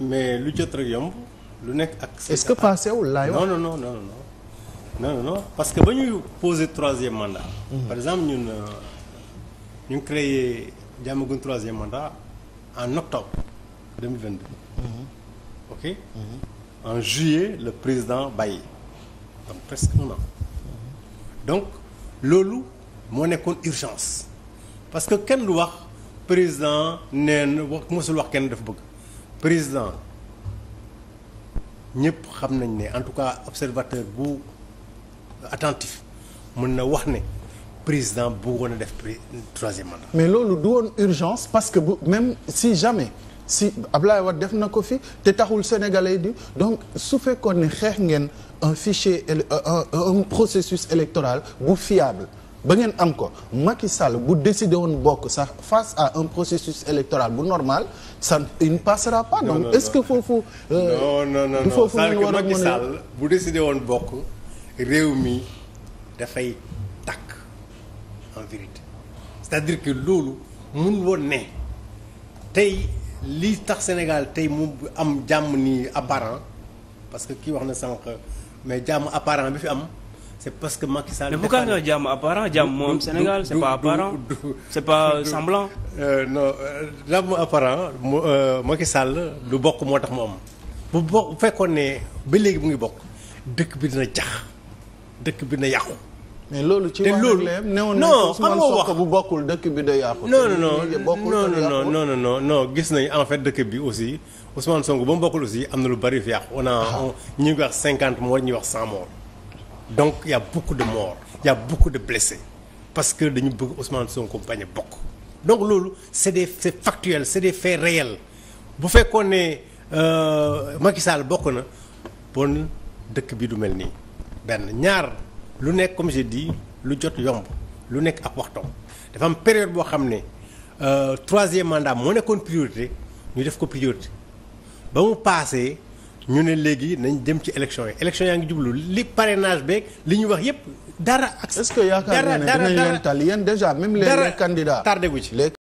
mais lu jot rek yomb lu nekk ak. est-ce que passé wul laay wax non non non non non non parce que ba ñuy poser troisième mandat. Mhm. par exemple ñun euh, ñu ngi créé jàmmagun troisième mandat en octobre 2022. Mhm. ok. Mhm. en juillet le président bàyyi donc presque un an donc loolu moo nekkoon urgence parce que kenn du wax président neen wax mosul wax kenn dafa bëgg. président ñëpp xam nañ ne en tout cas observateur bu attentif mën na wax ne président bëggoon a def troisième mandat. mais loolu du woon urgence parce que bu même si jamais si Ablaye Wade def na ko fi te taxul sénégalais yi di donc su fekkoon ni xeex ngeen un fichier un électoral bu fiable. ba ngeen am ko Macky Sall bu décidé woon bokk sax face à un processus électoral bu normal ça il ne passera pas. non donc est-ce que foofu. Euh, non non non du foofu ñu war a mën bu décidé woon bokk réew mi dafay takk en vérité c'est-à-dire que loolu mun woon ne tey li tax Sénégal tey mu am jàmm ni apparent parce que kii wax na sànq mais jàmm apparent ba fi am. c'est parce que Macky Sall. mais pourquoi nga jàmm apparent jàmm moom Sénégal c'est pas apparent c'est pas semblant. Euh, non euh, jàmm apparent mu euh, Macky Sall du bokk moo tax mu am. bu bokk ne ba léegi mu ngi bokk dëkk bi dina jax dëkk bi dina yàqu. mais loolu ci wàllu lépp ne woon non bu bokkul dëkk bi day yàqu. gis nañu en fait dëkk bi aussi Ousmane Sonko ba mu bokkul aussi am na lu bari fi yàqu on a ah. ñu ngi wax cinquante morts ñu wax cent donc il y de morts il y de blessés parce que dañu bëgg Ousmane Sonko bañ a bokk donc loolu c'est des c'est factuel c'est des faits réels bu fekkoon ne euh, Macky Sall bokk na bon dëkk bi du mel nii benn ñaar lu nekk comme j'ai dit lu jot yomb lu nekk ak waxtoom dafa am période boo xam ne euh, troisième mandat moo nekkoon priorité ñu def ko priorité ba mu paasee ñu ne léegi nañ dem ci élection yi élection yaa ngi jublu li parrainage beeg li ñu wax yépp dara. ak dara dara est-ce que yaakaar nga ne dinañ leen tal yéen déjà même les candidats tardé gu ci.